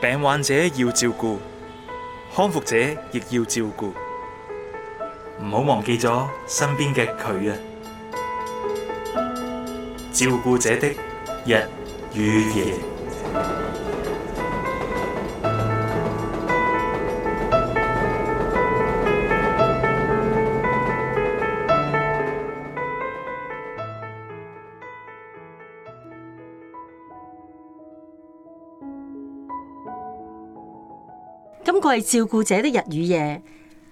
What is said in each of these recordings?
病患者要照顧，康復者亦要照顧，唔好忘記咗身邊嘅佢啊！照顧者的日與夜。為照顧者的日與夜，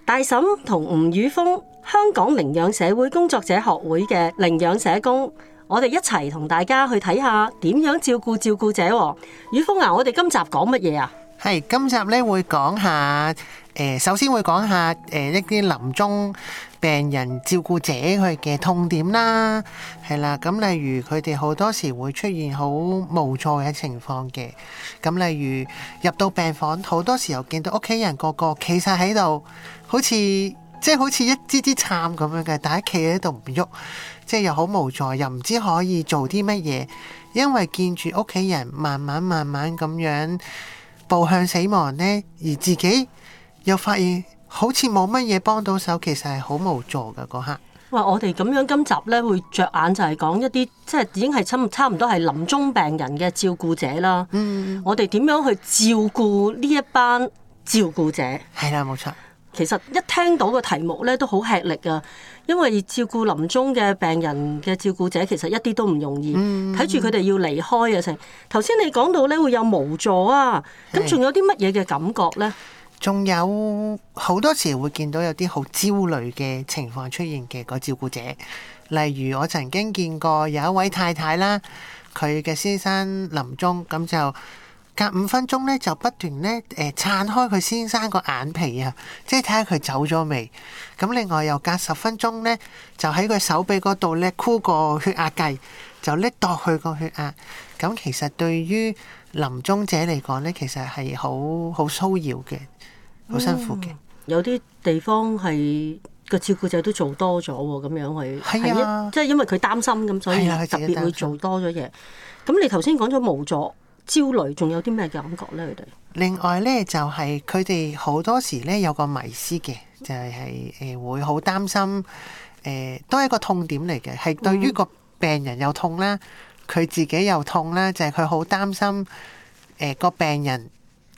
大嬸同吳宇峰，香港領養社會工作者學會嘅領養社工，我哋一齊同大家去睇下點樣照顧照顧者喎。宇峰啊，我哋今集講乜嘢啊？係，今集呢會講下，誒、呃，首先會講下，誒、呃，一啲臨終病人照顧者佢嘅痛點啦，係啦，咁、嗯、例如佢哋好多時會出現好無助嘅情況嘅，咁、嗯、例如入到病房，好多時候見到屋企人個個企晒喺度，好似即係好似一支支杉咁樣嘅，但係企喺度唔喐，即係又好無助，又唔知可以做啲乜嘢，因為見住屋企人慢慢慢慢咁樣。步向死亡呢，而自己又發現好似冇乜嘢幫到手，其實係好無助嘅嗰刻。哇！我哋咁樣今集呢會着眼就係講一啲即係已經係差差唔多係臨終病人嘅照顧者啦。嗯，我哋點樣去照顧呢一班照顧者？係啦，冇錯。其實一聽到個題目呢，都好吃力啊！因為照顧臨終嘅病人嘅照顧者其實一啲都唔容易，睇住佢哋要離開嘅時候，頭先你講到你會有無助啊，咁仲的有啲乜嘢嘅感覺呢？仲有好多時會見到有啲好焦慮嘅情況出現嘅，嗰個照顧者，例如我曾經見過有一位太太啦，佢嘅先生臨終咁就。隔五分鐘咧就不斷咧誒撐開佢先生個眼皮啊，即係睇下佢走咗未。咁另外又隔十分鐘咧就喺佢手臂嗰度咧箍個血壓計，就拎度去個血壓。咁其實對於臨終者嚟講咧，其實係好好騷擾嘅，好辛苦嘅、嗯。有啲地方係個照顧者都做多咗，咁樣係係啊，即係因為佢擔心咁，所以佢特別會做多咗嘢。咁、啊、你頭先講咗無助。焦慮仲有啲咩感覺咧？佢哋另外咧就係佢哋好多時咧有個迷思嘅，就係、係、誒會好擔心誒、呃，都係一個痛點嚟嘅。係對於個病人又痛啦，佢自己又痛啦，就係佢好擔心誒、呃、個病人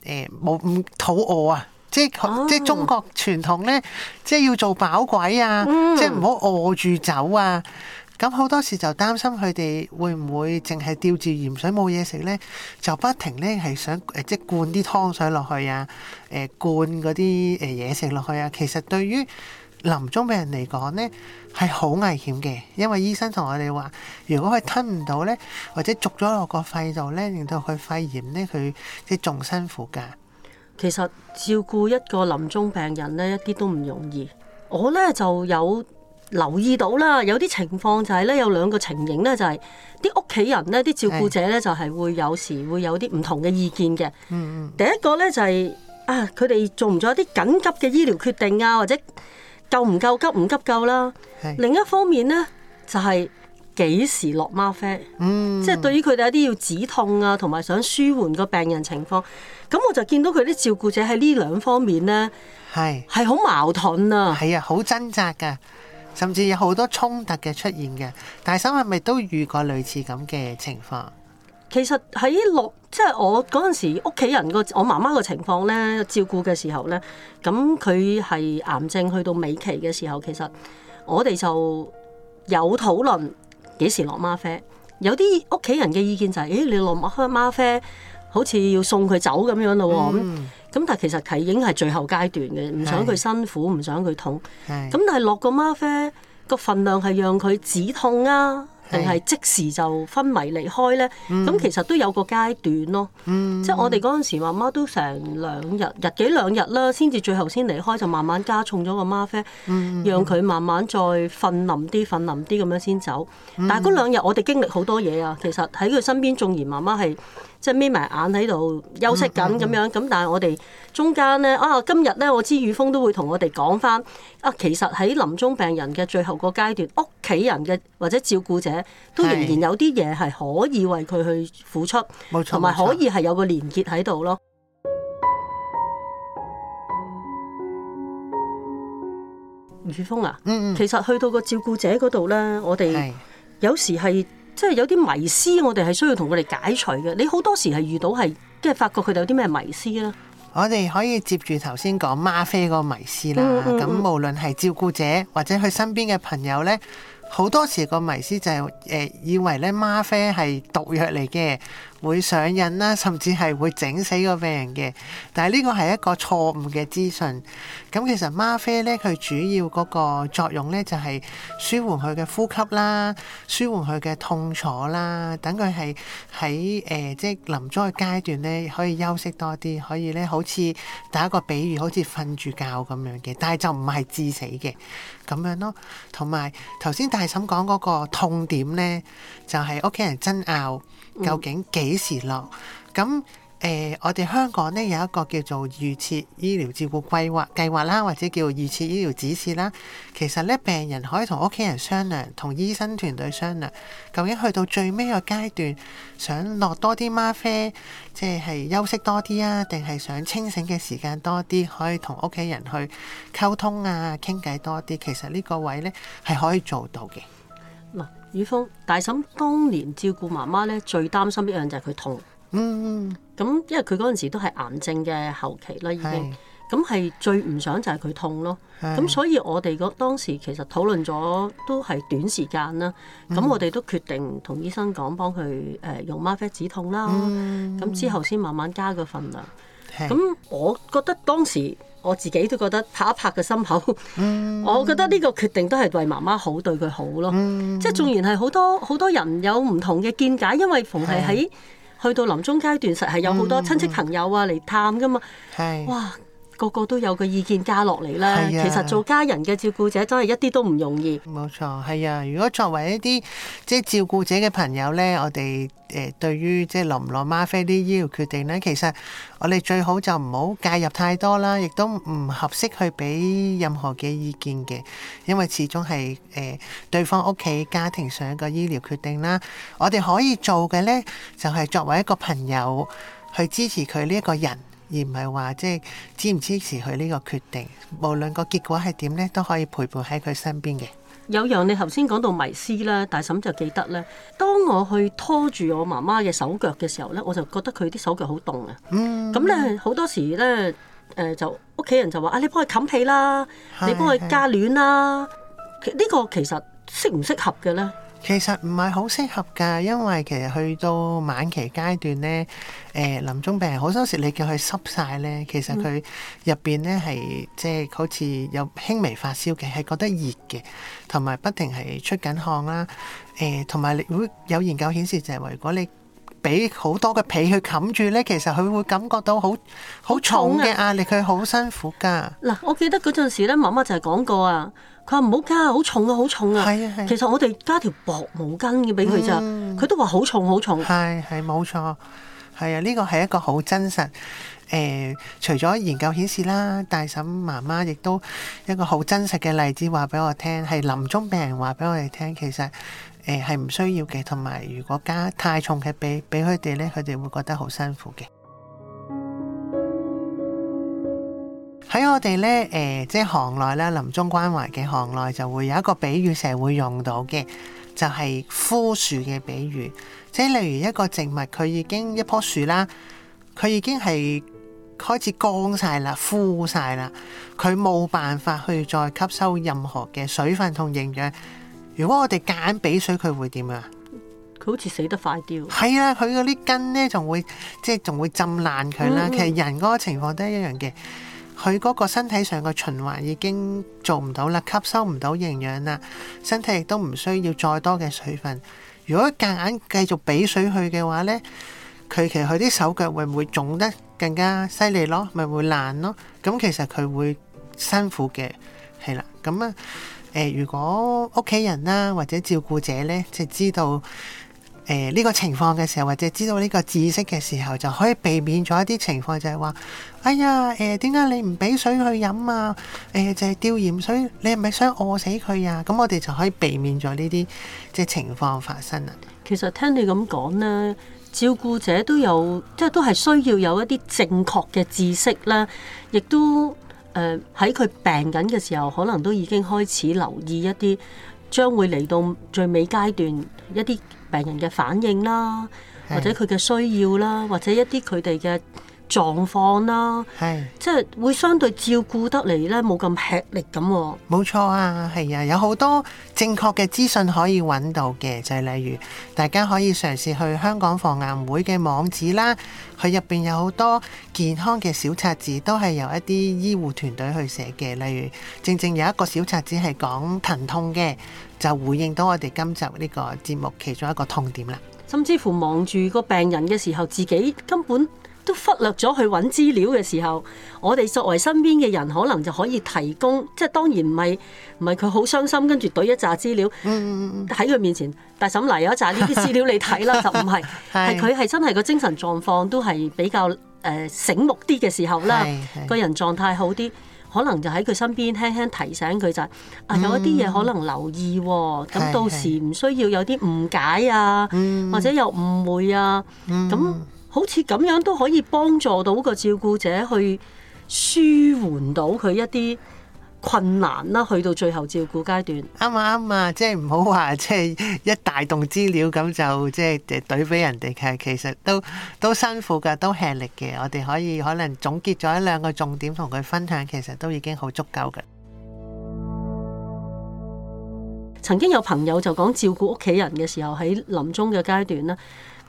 誒冇唔肚餓啊！即係、啊、即係中國傳統咧，即係要做飽鬼啊！嗯、即係唔好餓住走啊！咁好多時就擔心佢哋會唔會淨係吊住鹽水冇嘢食呢？就不停呢係想即係灌啲湯水落去啊，誒灌嗰啲誒嘢食落去啊。其實對於臨終病人嚟講呢，係好危險嘅，因為醫生同我哋話，如果佢吞唔到呢，或者逐咗落個肺度呢，令到佢肺炎呢，佢即係仲辛苦㗎。其實照顧一個臨終病人呢，一啲都唔容易。我呢就有，留意到啦，有啲情況就係咧，有兩個情形咧，就係啲屋企人咧，啲照顧者咧，就係會有時會有啲唔同嘅意見嘅。嗯嗯、第一個咧就係、是、啊，佢哋做唔做一啲緊急嘅醫療決定啊，或者夠唔夠急唔急救啦。是另一方面咧，就係、是、幾時落嗎啡，即係、嗯、對於佢哋一啲要止痛啊，同埋想舒緩個病人情況。咁我就見到佢啲照顧者喺呢兩方面咧，係係好矛盾啊，係啊，好掙扎㗎。甚至有好多衝突嘅出現嘅，大生係咪都遇過類似咁嘅情況？其實喺落，即係我嗰陣時屋企人個我媽媽個情況咧，照顧嘅時候咧，咁佢係癌症去到尾期嘅時候，其實我哋就有討論幾時落嗎啡。有啲屋企人嘅意見就係：誒，你落嗎啡，好似要送佢走咁樣咯喎。嗯。咁但係其實已經係最後階段嘅，唔想佢辛苦，唔是的 想佢痛。咁是的 但係落個嗎啡個份量係讓佢止痛啊，定係即時就昏迷離開呢？咁是的、嗯、其實都有個階段咯。嗯、即係我哋嗰陣時，媽媽都成兩日、日幾兩日啦，先至最後先離開，就慢慢加重咗個嗎啡，讓佢慢慢再瞓冧啲、瞓冧啲咁樣先走。但係嗰兩日我哋經歷好多嘢啊，其實喺佢身邊，縱然媽媽係。即係眯埋眼喺度休息緊咁樣，咁、嗯嗯、但係我哋中間咧，啊今日咧，我知雨峰都會同我哋講返，啊其實喺臨終病人嘅最後個階段，屋企人嘅或者照顧者都仍然有啲嘢係可以為佢去付出，同埋冇錯、可以係有個連結喺度咯。冇錯、雨峰啊，嗯嗯、其實去到個照顧者嗰度咧，我哋有時係。即係有啲迷思，我哋係需要同佢哋解除嘅。你好多時係遇到係，即係發覺佢哋有啲咩迷思啦。我哋可以接住頭先講嗎啡個迷思啦。咁、嗯嗯嗯、無論係照顧者或者佢身邊嘅朋友咧，好多時個迷思就係、是、誒、呃，以為咧嗎啡係毒藥嚟嘅。會上癮啦，甚至係會整死個病人嘅。但係呢個係一個錯誤嘅資訊。咁其實嗎啡咧，佢主要嗰個作用咧就係、是、舒緩佢嘅呼吸啦，舒緩佢嘅痛楚啦，等佢係喺誒即係臨終嘅階段咧可以休息多啲，可以咧好似打一個比喻，好似瞓住覺咁樣嘅。但係就唔係致死嘅咁樣咯。同埋頭先大嬸講嗰個痛點咧，就係屋企人爭拗究竟幾？幾時落？咁誒、呃，我哋香港咧有一個叫做預設醫療照顧規劃計劃啦，或者叫預設醫療指示啦。其實咧，病人可以同屋企人商量，同醫生團隊商量，究竟去到最尾嘅階段，想落多啲嗎啡，即係休息多啲啊，定係想清醒嘅時間多啲，可以同屋企人去溝通啊，傾偈多啲。其實呢個位咧係可以做到嘅。雨峰大嬸當年照顧媽媽咧，最擔心一樣就係佢痛。嗯，咁因為佢嗰陣時都係癌症嘅後期啦，已經咁係是最唔想就係佢痛咯。咁是所以我哋嗰當時其實討論咗都係短時間啦。咁、嗯、我哋都決定同醫生講，幫佢誒用嗎啡止痛啦。咁、嗯嗯、之後先慢慢加個份量。咁是我覺得當時。我自己都覺得拍一拍嘅心口， 我覺得呢個決定都係為媽媽好，對佢好咯。嗯、即係縱然係好多好多人有唔同嘅見解，因為逢係喺去到臨終階段，實係有好多親戚朋友啊嚟探㗎嘛。係是哇。個個都有個意見加落嚟啦。啊、其實做家人嘅照顧者真係一啲都唔容易。冇錯，係啊！如果作為一啲即係照顧者嘅朋友呢，我哋誒、呃、對於即係落唔落嗎啡啲醫療決定呢，其實我哋最好就唔好介入太多啦，亦都唔合適去俾任何嘅意見嘅，因為始終係誒、呃、對方屋企家庭上一個醫療決定啦。我哋可以做嘅呢，就係、是、作為一個朋友去支持佢呢一個人。而唔係話即係支唔支持佢呢個決定，無論個結果係點呢，都可以陪伴喺佢身邊嘅。有樣你頭先講到迷思啦，大嬸就記得呢：當我去拖住我媽媽嘅手腳嘅時候呢，我就覺得佢啲手腳好凍啊。咁、嗯、呢，好多時呢，誒就屋企人就話：啊，你幫佢冚被啦，係係係你幫佢加暖啦。呢、呢個其實適唔適合嘅呢？其實唔係好適合㗎，因為其實去到晚期階段咧，誒臨終病人好多時你叫佢濕晒咧，其實佢入邊咧係即係好似有輕微發燒嘅，係覺得熱嘅，同埋不停係出緊汗啦。誒、呃，同埋會有研究顯示就係、話，如果你俾好多嘅被去冚住咧，其實佢會感覺到好好重嘅壓力，佢好 辛苦噶。嗱， 我記得嗰陣時咧，媽媽就係講過啊。話唔好加，好重啊，好重啊！係啊，係啊，其實我哋加條薄毛巾嘅俾佢咋，佢、嗯、都話好重，好重。係，係冇錯，係啊！呢個係一個好真實誒，呃，除咗研究顯示啦，大嬸媽媽亦都一個好真實嘅例子話俾我聽，係臨終病人話俾我哋聽，其實誒係唔需要嘅，同埋如果加太重嘅俾俾佢哋咧，佢哋會覺得好辛苦嘅。喺我哋咧，誒、呃，即係行內咧，臨終關懷嘅行內就會有一個比喻，成日會用到嘅就係、是、枯樹嘅比喻。即係例如一個植物，佢已經一樖樹啦，佢已經係開始乾晒啦，枯晒啦，佢冇辦法去再吸收任何嘅水分同營養。如果我哋揀俾水，佢會點啊？佢好似死得快啲。係啊，佢嗰啲根咧，仲會即係仲會浸爛佢啦。嗯、其實人嗰個情況都係一樣嘅。佢嗰個身體上嘅循環已經做唔到啦，吸收唔到營養啦，身體亦都唔需要再多嘅水分。如果夾硬繼續俾水去嘅話咧，佢其實佢啲手腳會唔會腫得更加犀利咯？咪會爛咯。咁其實佢會辛苦嘅，係啦。咁啊，誒，如果屋企人啦或者照顧者咧，即係知道。誒，呢、呃，這個情況嘅時候，或者知道呢個知識嘅時候，就可以避免咗一啲情況，就係話，哎呀，誒、呃，點解你唔俾水去飲啊？誒、呃，就係吊鹽水，你係咪想餓死佢啊？咁我哋就可以避免咗呢啲即係情況發生啦。其實聽你咁講呢，照顧者都有，即係都係需要有一啲正確嘅知識啦，亦都誒喺佢病緊嘅時候，可能都已經開始留意一啲將會嚟到最尾階段一啲。病人嘅反應啦，或者佢嘅需要啦，或者一啲佢哋嘅。狀況啦，係即係會相對照顧得嚟咧，冇咁吃力咁。冇錯啊，係啊，有好多正確嘅資訊可以揾到嘅，就係例如大家可以嘗試去香港防癌會嘅網址啦，佢入邊有好多健康嘅小冊子，都係由一啲醫護團隊去寫嘅。例如，正正有一個小冊子係講疼痛嘅，就回應到我哋今集呢個節目其中一個痛點啦。甚至乎望住個病人嘅時候，自己根本。都忽略咗去揾資料嘅時候，我哋作為身邊嘅人，可能就可以提供，即係當然唔係唔係佢好傷心，跟住㨃一紮資料喺佢、嗯、面前。大嬸，嗱有一紮呢啲資料你睇啦， 就唔係，係佢係真係個精神狀況都係比較誒、呃、醒目啲嘅時候啦，個人狀態好啲，可能就喺佢身邊輕輕提醒佢就係、是、啊，有一啲嘢可能留意，咁到時唔需要有啲誤解啊，或者有誤會啊，咁、嗯。嗯。好似咁樣都可以幫助到個照顧者去舒緩到佢一啲困難啦，去到最後照顧階段。啱啊啱啊，即係唔好話即係一大棟資料咁就即係誒懟俾人哋嘅，其實都都辛苦㗎，都吃力嘅。我哋可以可能總結咗一兩個重點同佢分享，其實都已經好足夠嘅。曾經有朋友就講照顧屋企人嘅時候喺臨終嘅階段啦。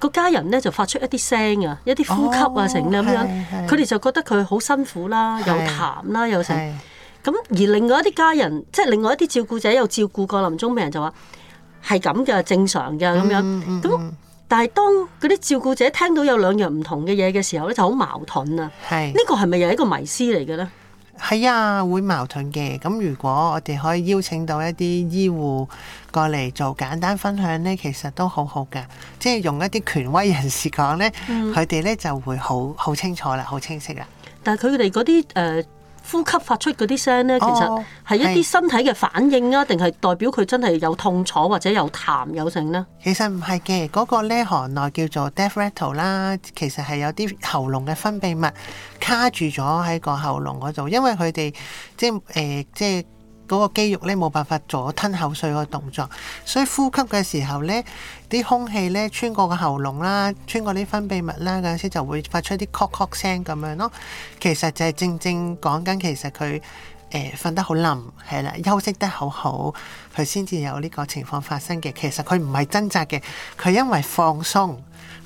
個家人咧就發出一啲聲啊，一啲呼吸啊、哦、成咁樣，佢哋是是 就覺得佢好辛苦啦是是，有痰啦又成。咁是是 而另外一啲家人，即係另外一啲照顧者又照顧過臨終病人，就話係咁嘅正常嘅咁、嗯嗯嗯、樣。咁但係當嗰啲照顧者聽到有兩樣唔同嘅嘢嘅時候咧，就好矛盾啊。呢是是 個係咪又係一個迷思嚟嘅咧？係啊，會矛盾嘅。咁如果我哋可以邀請到一啲醫護過嚟做簡單分享呢，其實都好好㗎。即係用一啲權威人士講呢，佢哋呢就會好好清楚啦，好清晰啦。但係佢哋嗰啲誒。呃呼吸發出嗰啲聲咧，其實係一啲身體嘅反應啊，定係、哦、代表佢真係有痛楚或者有痰有成呢？其實唔係嘅，嗰、那個咧行內叫做 death r 啦，atto，其實係有啲喉嚨嘅分泌物卡住咗喺個喉嚨嗰度，因為佢哋即係誒、呃、即係。嗰個肌肉咧冇辦法做吞口水個動作，所以呼吸嘅時候咧，啲空氣咧穿過個喉嚨啦，穿過啲分泌物啦，嗰時就會發出啲咳咳聲咁樣咯。其實就係正正講緊，其實佢誒瞓得好冧係啦，休息得好好，佢先至有呢個情況發生嘅。其實佢唔係掙扎嘅，佢因為放鬆，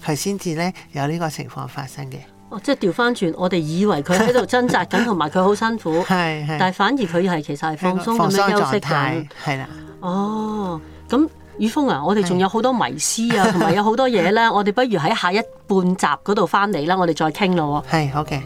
佢先至咧有呢個情況發生嘅。哦，即係調翻轉，我哋以為佢喺度掙扎緊，同埋佢好辛苦。係係， 是但係反而佢係其實係放鬆咁樣休息緊，係啦。哦，咁宇峰啊，我哋仲有好多迷思啊，同埋 有好多嘢啦，啊，我哋不如喺下一半集嗰度翻嚟啦，我哋再傾咯。喎，係好嘅。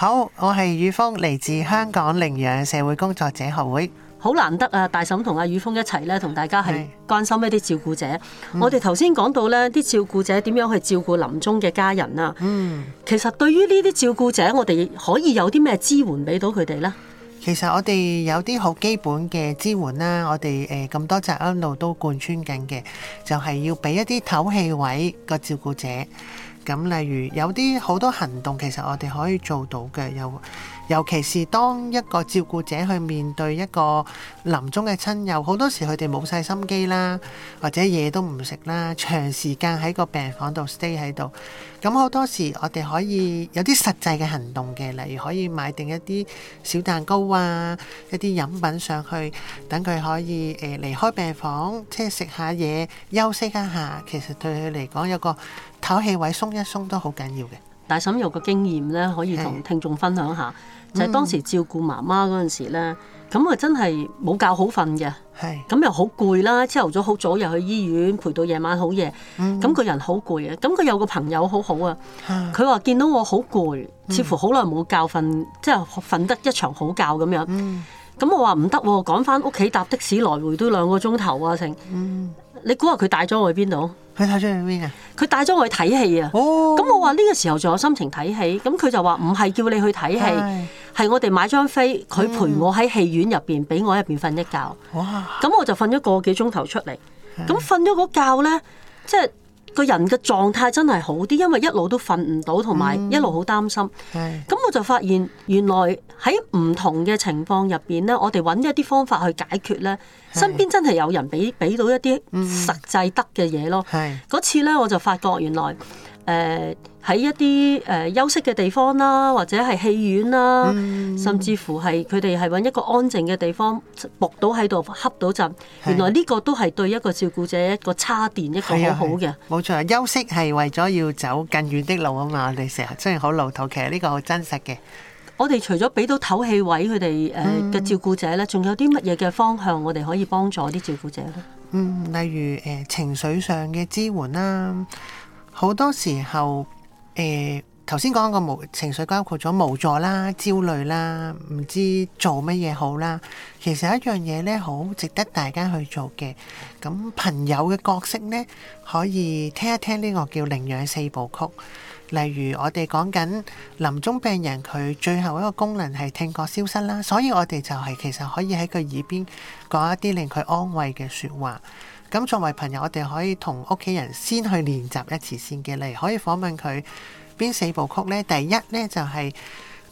好，我係宇峰，嚟自香港領養社會工作者學會。好難得啊，大嬸同阿宇峰一齊咧，同大家係關心一啲照顧者。我哋頭先講到咧，啲照顧者點樣去照顧臨終嘅家人啊。嗯，其實對於呢啲照顧者，我哋可以有啲咩支援俾到佢哋呢？其實我哋有啲好基本嘅支援啦，我哋誒咁多窄安路都貫穿緊嘅，就係要俾一啲透氣位個照顧者。咁例如有啲好多行動，其實我哋可以做到嘅，有。尤其是當一個照顧者去面對一個臨終嘅親友，好多時佢哋冇晒心機啦，或者嘢都唔食啦，長時間喺個病房度 stay 喺度。咁好多時我哋可以有啲實際嘅行動嘅，例如可以買定一啲小蛋糕啊，一啲飲品上去，等佢可以誒離開病房，即係食下嘢、休息一下。其實對佢嚟講，有個透氣位鬆一鬆都好緊要嘅。大嬸有個經驗咧，可以同聽眾分享下。就係當時照顧媽媽嗰陣時咧，咁啊真係冇覺好瞓嘅，咁是又好攰啦。朝頭早好早又去醫院陪到夜晚好夜，咁個人好攰啊。咁佢有個朋友好好啊，佢話的見到我好攰，似乎好耐冇覺瞓，即係瞓得一場好覺咁樣。咁我話唔得喎，趕翻屋企搭的士來回都兩個鐘頭啊，成。嗯、你估下佢帶咗我去邊度？佢帶咗去邊啊？佢帶咗我去睇戲啊！咁、oh, 嗯哦、我話呢個時候仲有心情睇戲，咁佢就話唔係叫你去睇戲，係我哋買張飛，佢陪我喺戲院入邊，俾我喺入邊瞓一覺。咁哇是我就瞓咗個幾鐘頭出嚟，咁瞓咗嗰個覺咧，即係。個人嘅狀態真係好啲，因為一路都瞓唔到，同埋一路好擔心。咁、嗯、我就發現原來喺唔同嘅情況入邊咧，我哋揾一啲方法去解決咧，是身邊真係有人俾俾到一啲實際得嘅嘢咯。嗰、嗯、次咧，我就發覺原來。誒喺、呃、一啲誒、呃、休息嘅地方啦，或者係戲院啦，嗯、甚至乎係佢哋係揾一個安靜嘅地方，目倒喺度恰到陣。是原來呢個都係對一個照顧者一個叉電，一個好好嘅。冇、啊、錯，休息係為咗要走更遠的路啊嘛！我哋成日真然好老土，其實呢個好真實嘅。我哋除咗俾到唞氣位佢哋誒嘅照顧者呢，仲、嗯、有啲乜嘢嘅方向我哋可以幫助啲照顧者呢？嗯、例如誒、呃、情緒上嘅支援啦。啊。好多時候，誒頭先講個無情緒，包括咗無助啦、焦慮啦、唔知做乜嘢好啦。其實一樣嘢咧，好值得大家去做嘅。咁朋友嘅角色咧，可以聽一聽呢個叫領養四部曲。例如我哋講緊臨終病人，佢最後一個功能係聽覺消失啦，所以我哋就係其實可以喺佢耳邊講一啲令佢安慰嘅説話。咁作為朋友，我哋可以同屋企人先去練習一次先嘅，例如可以訪問佢邊四部曲呢？第一呢，就係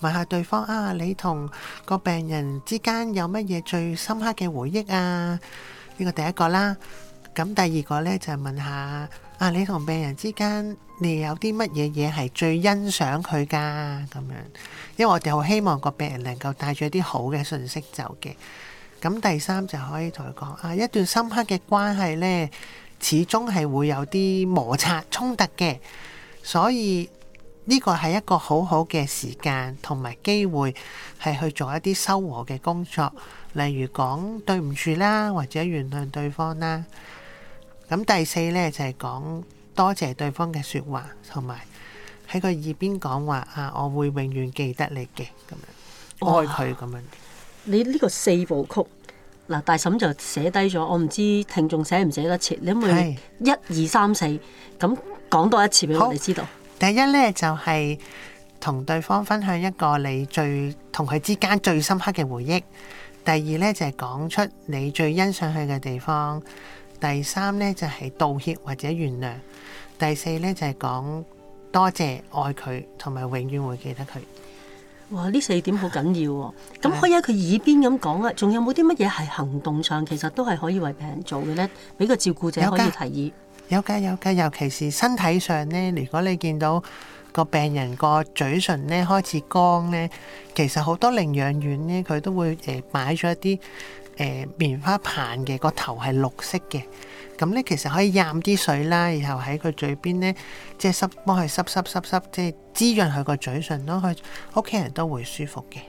問下對方啊，你同個病人之間有乜嘢最深刻嘅回憶啊？呢個第一個啦。咁第二個呢，就係問下啊，你同病人之間你有啲乜嘢嘢係最欣賞佢㗎？咁樣，因為我哋好希望個病人能夠帶住啲好嘅信息走嘅。咁第三就可以同佢講啊，一段深刻嘅關係咧，始終係會有啲摩擦衝突嘅，所以呢個係一個好好嘅時間同埋機會，係去做一啲修和嘅工作，例如講對唔住啦，或者原諒對方啦。咁第四咧就係講多謝對方嘅說話，同埋喺佢耳邊講話啊，我會永遠記得你嘅，咁樣愛佢咁、哦、樣。你呢個四部曲？嗱，大嬸就寫低咗，我唔知聽眾寫唔寫得切。你會一二三四咁講多一次俾我哋知道？第一咧就係、是、同對方分享一個你最同佢之間最深刻嘅回憶。第二咧就係、是、講出你最欣賞佢嘅地方。第三咧就係、是、道歉或者原諒。第四咧就係、是、講多謝、愛佢同埋永遠會記得佢。哇！呢四點好緊要喎，啊，咁可以喺佢耳邊咁講啊。仲有冇啲乜嘢係行動上其實都係可以為病人做嘅呢？俾個照顧者可以提議。有㗎有㗎，尤其是身體上呢，如果你見到個病人個嘴唇咧開始乾呢，其實好多寧養院呢，佢都會誒、呃、買咗一啲。誒、呃，棉花棒嘅個頭係綠色嘅，咁咧其實可以蘸啲水啦，然後喺佢嘴邊咧，即係濕，幫佢濕濕濕濕，即係滋潤佢個嘴唇咯，佢屋企人都會舒服嘅。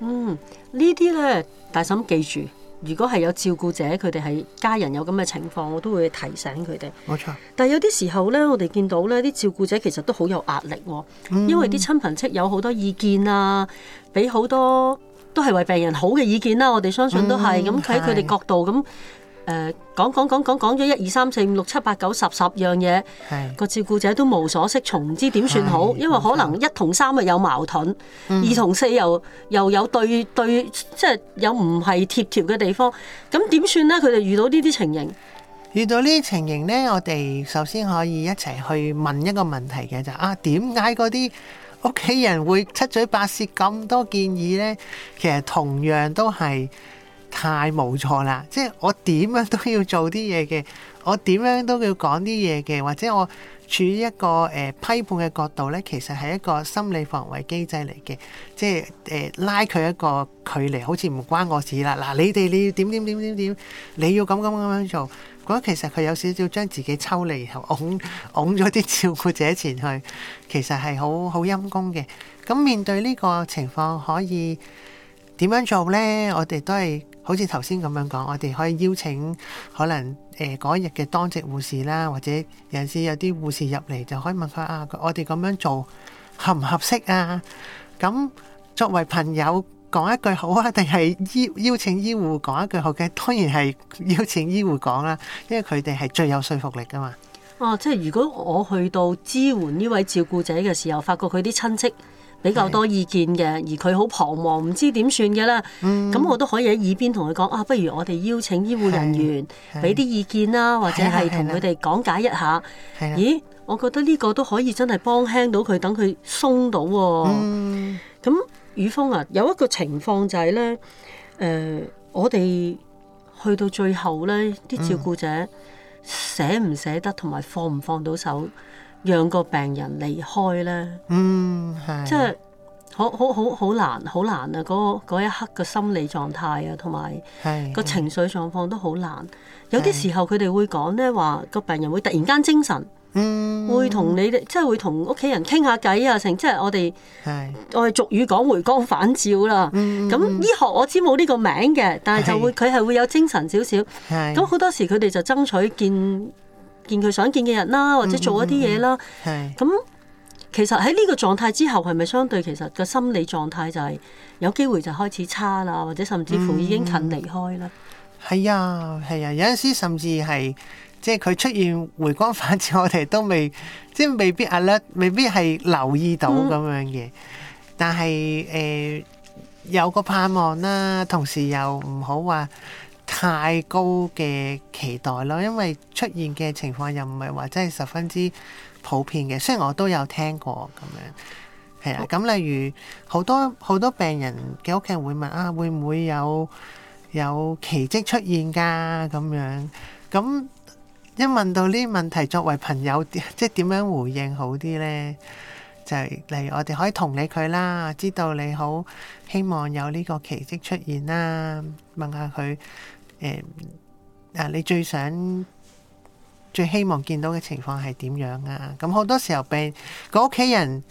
嗯，呢啲咧，大嬸記住，如果係有照顧者，佢哋係家人有咁嘅情況，我都會提醒佢哋。冇錯錯。但係有啲時候咧，我哋見到咧，啲照顧者其實都好有壓力，哦，嗯、因為啲親朋戚友有好多意見啊，俾好多。都係為病人好嘅意見啦，我哋相信都係咁，喺佢哋角度咁，誒講講講講講咗一二三四五六七八九十十樣嘢，個是照顧者都無所適從，唔知點算好，是因為可能一同三又有矛盾，嗯、二同四又又有對對，即係有唔係貼貼嘅地方，咁點算呢？佢哋遇到呢啲情形，遇到呢啲情形呢，我哋首先可以一齊去問一個問題嘅就啊，點解嗰啲屋企人會七嘴八舌咁多建議呢，其實同樣都係太無錯啦。即係我點樣都要做啲嘢嘅，我點樣都要講啲嘢嘅，或者我處於一個誒、呃、批判嘅角度呢，其實係一個心理防衛機制嚟嘅，即係誒、呃、拉佢一個距離，好似唔關我事啦。嗱，你哋你要點點點點點，你要咁咁咁樣做。覺得其實佢有少少將自己抽離，然後擁擁咗啲照顧者前去，其實係好好陰功嘅。咁面對呢個情況，可以點樣做呢？我哋都係好似頭先咁樣講，我哋可以邀請可能誒嗰日嘅當值護士啦，或者有時有啲護士入嚟，就可以問佢啊，我哋咁樣做合唔合適啊？咁作為朋友，講一句好啊，定係邀邀請醫護講一句好嘅？當然係邀請醫護講啦，因為佢哋係最有說服力㗎嘛。哦、啊，即係如果我去到支援呢位照顧者嘅時候，發覺佢啲親戚比較多意見嘅，是而佢好彷徨，唔知點算嘅啦。嗯，咁我都可以喺耳邊同佢講啊，不如我哋邀請醫護人員俾啲意見啦，或者係同佢哋講解一下。咦，我覺得呢個都可以真係幫輕到佢，等佢鬆到。鬆嗯，咁、嗯。雨峰啊，有一個情況就係、是、咧，誒、呃，我哋去到最後咧，啲照顧者捨唔捨得，同埋放唔放到手，讓個病人離開咧。嗯，係，即係好好好好難，好難啊！嗰一刻嘅心理狀態啊，同埋個情緒狀況都好難。有啲時候佢哋會講咧，話個病人會突然間精神。嗯，會同你哋即係會同屋企人傾下偈啊，成即係我哋，我哋俗是語講回光返照啦。咁醫、嗯、學我知冇呢個名嘅，但係就會佢係是會有精神少少。咁好是多時佢哋就爭取見見佢想見嘅人啦，或者做一啲嘢啦。咁、嗯、其實喺呢個狀態之後，係咪相對其實個心理狀態就係有機會就開始差啦，或者甚至乎已經近離開啦。係啊，係啊，有陣時甚至係。即係佢出現回光返照，我哋都未即係未必 alert 未必係留意到咁樣嘅。但係誒、呃、有個盼望啦，同時又唔好話太高嘅期待咯，因為出現嘅情況又唔係話真係十分之普遍嘅。雖然我都有聽過咁樣係啊，咁例如好多好多病人嘅屋企人會問啊，會唔會有有奇蹟出現㗎？咁樣咁。一問到呢啲問題，作為朋友，即係點樣回應好啲咧？就係例如我哋可以同理佢啦，知道你好希望有呢個奇蹟出現啦，問下佢誒啊，你最想最希望見到嘅情況係點樣啊？咁好多時候，病個屋企人。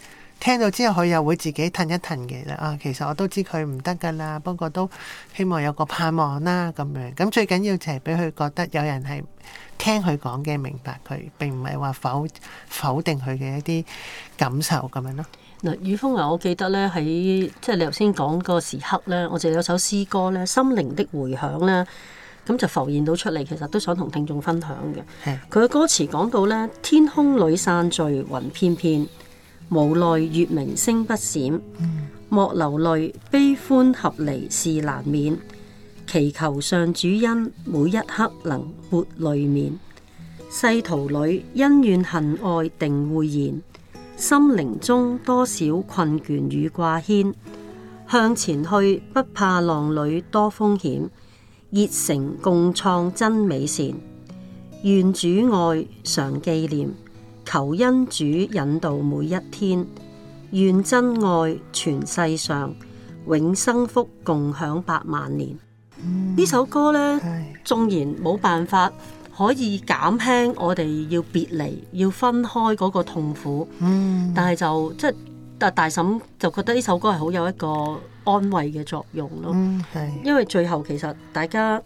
聽到之後，佢又會自己褪一褪嘅啦。啊，其實我都知佢唔得噶啦，不過都希望有個盼望啦。咁樣咁最緊要就係俾佢覺得有人係聽佢講嘅，明白佢並唔係話否否定佢嘅一啲感受咁樣咯。嗱，宇峰啊，我記得咧喺即係你頭先講嗰個時刻咧，我就有首詩歌咧《心靈的迴響》咧，咁就浮現到出嚟。其實都想同聽眾分享嘅。係佢嘅歌詞講到咧，天空裏散聚雲片片，無奈月明星不閃，莫、mm. 流淚，悲歡合離事難免。祈求上主恩，每一刻能抹淚面。世途裏恩怨恨愛定會現，心靈中多少困倦與掛牽。向前去不怕浪裏多風險，熱誠共創真美善，願主愛常紀念。求恩主引導每一天，願真愛全世上，永生福共享百萬年。呢、嗯、首歌呢，是縱然冇辦法可以減輕我哋要別離、要分開嗰個痛苦，嗯、但係就即係，但大嬸就覺得呢首歌係好有一個安慰嘅作用咯。是因為最後其實大家。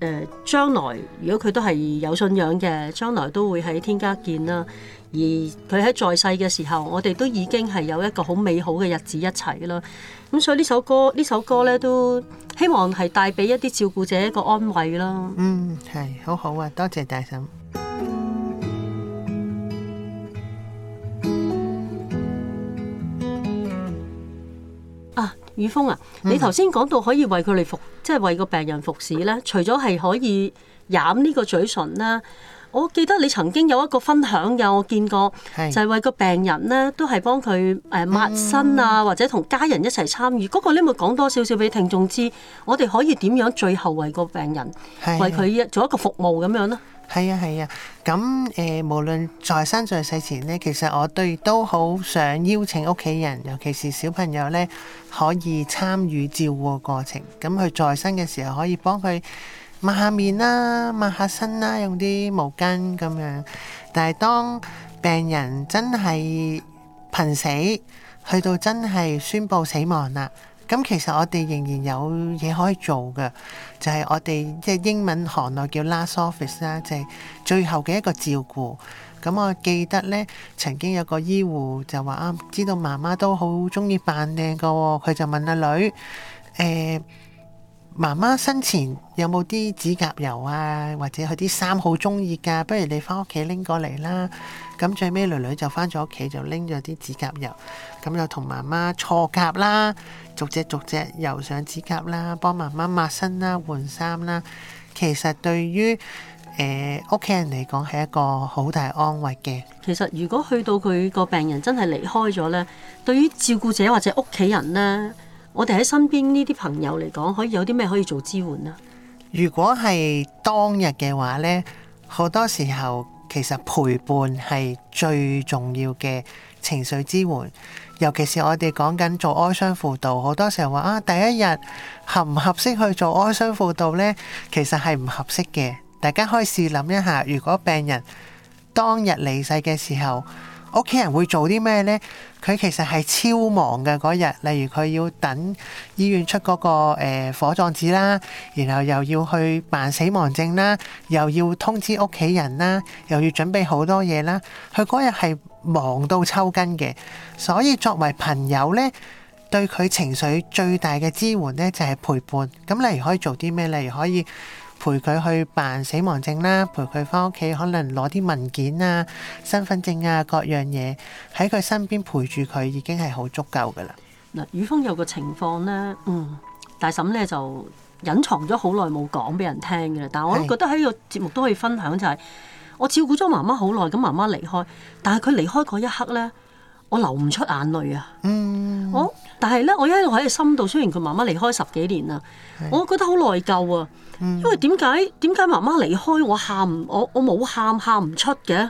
誒，將來如果佢都係有信仰嘅，將來都會喺天家見啦。而佢喺在世嘅時候，我哋都已經係有一個好美好嘅日子一齊啦。咁所以呢首歌，呢首歌咧都希望係帶俾一啲照顧者一個安慰啦。嗯，係，好好啊，多謝大嬸。雨峰啊，嗯、你頭先講到可以為佢哋服，即、就、係、是、為個病人服侍咧，除咗係可以飲呢個嘴唇啦，我記得你曾經有一個分享有我見過，是就係為個病人咧都係幫佢誒抹身啊，嗯、或者同家人一齊參與。嗰、那個你咪冇講多少少俾聽眾知？我哋可以點樣最後為個病人是為佢做一個服務咁樣咧？係啊，係啊。咁誒、呃，無論在生在世前咧，其實我哋都好想邀請屋企人，尤其是小朋友咧，可以參與照顧過程。咁佢在生嘅時候，可以幫佢抹下面啦，抹下身啦，用啲毛巾咁樣。但係當病人真係瀕死，去到真係宣布死亡啦。咁其實我哋仍然有嘢可以做㗎，就係、係、我哋即係英文行內叫 last office 啦，就係最後嘅一個照顧。咁我記得咧，曾經有個醫護就話啊，知道媽媽都好中意扮靚㗎喎，佢就問阿女誒。欸媽媽生前有冇啲指甲油啊？或者佢啲衫好鍾意㗎，不如你返屋企拎過嚟啦。咁最尾女女就返咗屋企，就拎咗啲指甲油，咁就同媽媽錯甲啦，逐隻逐隻油上指甲啦，幫媽媽抹身啦、換衫啦。其實對於誒屋企人嚟講，係一個好大安慰嘅。其實如果去到佢個病人真係離開咗咧，對於照顧者或者屋企人咧。我哋喺身邊呢啲朋友嚟講，可以有啲咩可以做支援啊？如果係當日嘅話呢，好多時候其實陪伴係最重要嘅情緒支援，尤其是我哋講緊做哀傷輔導，好多時候話啊，第一日合唔合適去做哀傷輔導呢？其實係唔合適嘅。大家可以試諗一下，如果病人當日離世嘅時候。屋企人會做啲咩呢？佢其實係超忙嘅嗰日，例如佢要等醫院出嗰個、呃、火葬紙啦，然後又要去辦死亡證啦，又要通知屋企人啦，又要準備好多嘢啦。佢嗰日係忙到抽筋嘅，所以作為朋友呢，對佢情緒最大嘅支援呢，就係陪伴。咁例如可以做啲咩？例如可以，陪佢去辦死亡證啦，陪佢翻屋企，可能攞啲文件啊、身份證啊各樣嘢，喺佢身邊陪住佢已經係好足夠噶啦。嗱、呃，宇峰有個情況咧，嗯，大嬸咧就隱藏咗好耐冇講俾人聽嘅，但係我都覺得喺個節目都可以分享就係、是，是我照顧咗媽媽好耐，咁媽媽離開，但係佢離開嗰一刻咧，我流唔出眼淚啊。嗯，我但係咧，我一路喺心度，雖然佢媽媽離開十幾年啦，是我覺得好內疚啊。因為點解，點解媽媽離開我喊我我冇喊，喊唔出嘅，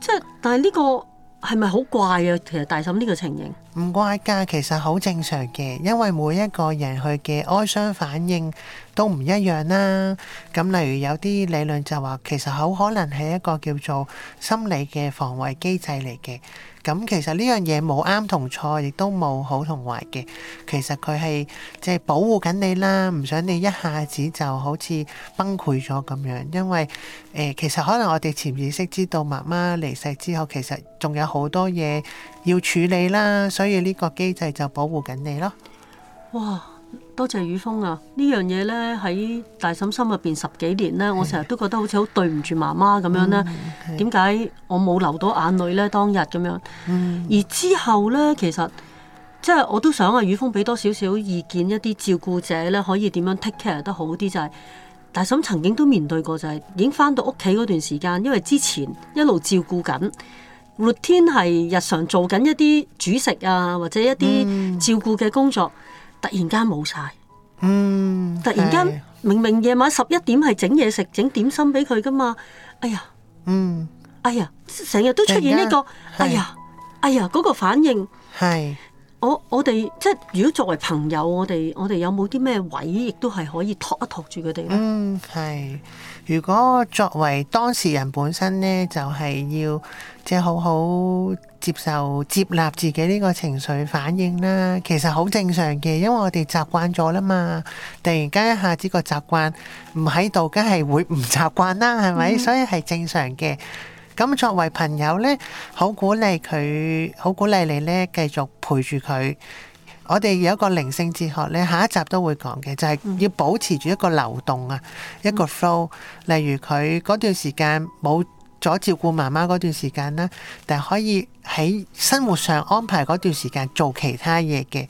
即係 但係呢個係咪好怪啊？其實大嬸呢個情形，是是。唔怪㗎，其實好正常嘅，因為每一個人佢嘅哀傷反應都唔一樣啦。咁例如有啲理論就話，其實好可能係一個叫做心理嘅防衛機制嚟嘅。咁其實呢樣嘢冇啱同錯，亦都冇好同壞嘅。其實佢係即係保護緊你啦，唔想你一下子就好似崩潰咗咁樣。因為誒、呃，其實可能我哋潛意識知道媽媽離世之後，其實仲有好多嘢要處理啦。所以呢個機制就保護緊你咯。哇，多謝宇峰啊！呢樣嘢呢，喺大嬸心入邊十幾年呢，的我成日都覺得好似好對唔住媽媽咁樣呢。點解、嗯、我冇流到眼淚呢？當日咁樣？嗯、而之後呢，其實即係我都想啊，宇峰俾多少少意見，一啲照顧者呢，可以點樣 take care 得好啲，就係、是、大嬸曾經都面對過，就係、是、已經翻到屋企嗰段時間，因為之前一路照顧緊。Routine 係日常做緊一啲煮食啊，或者一啲照顧嘅工作，嗯、突然間冇晒，嗯，突然間明明夜晚十一點係整嘢食、整點心俾佢噶嘛，哎呀，嗯，哎呀，成日都出現呢、這個，哎呀，哎呀，嗰、那個反應係是，我我哋即係如果作為朋友，我哋我哋有冇啲咩位，亦都係可以托一托住佢哋咧？嗯，係，如果作為當事人本身呢，就係、是、要。即係好好接受、接納自己呢個情緒反應啦，其實好正常嘅，因為我哋習慣咗啦嘛。突然間一下子個習慣唔喺度，梗係會唔習慣啦，係咪？嗯、所以係正常嘅。咁作為朋友咧，好鼓勵佢，好鼓勵你咧，繼續陪住佢。我哋有一個靈性哲學咧，下一集都會講嘅，就係、是、要保持住一個流動啊，嗯、一個 flow。例如佢嗰段時間冇咗照顧媽媽嗰段時間啦，但可以喺生活上安排嗰段時間做其他嘢嘅，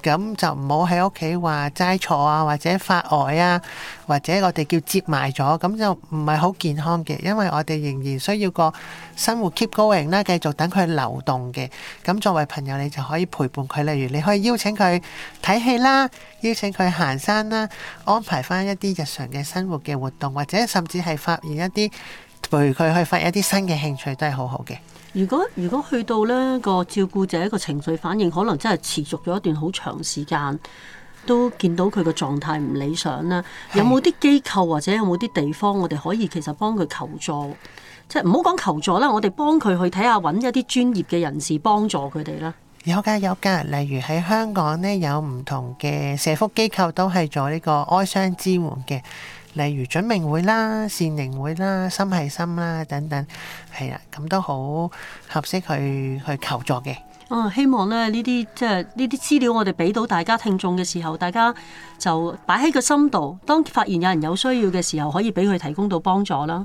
咁就唔好喺屋企話齋坐啊，或者發呆啊，或者我哋叫接埋咗，咁就唔係好健康嘅，因為我哋仍然需要個生活 keep going 啦，繼續等佢流動嘅。咁作為朋友，你就可以陪伴佢，例如你可以邀請佢睇戲啦，邀請佢行山啦，安排返一啲日常嘅生活嘅活動，或者甚至係發現一啲。陪佢去發一啲新嘅興趣都係好好嘅。如果，如果去到呢個照顧者個情緒反應，可能真係持續咗一段好長時間，都見到佢個狀態唔理想啦。是有冇啲機構或者有冇啲地方，我哋可以其實幫佢求助？即係唔好講求助啦，我哋幫佢去睇下，揾一啲專業嘅人士幫助佢哋啦。有噶有噶，例如喺香港呢，有唔同嘅社福機構都係做呢個哀傷支援嘅。例如准明會啦、善寧會啦、心係心啦等等，係啊，咁都好合適去去求助嘅。哦，希望咧呢啲即係呢啲資料，我哋俾到大家聽眾嘅時候，大家就擺喺個心度。當發現有人有需要嘅時候，可以俾佢提供到幫助啦。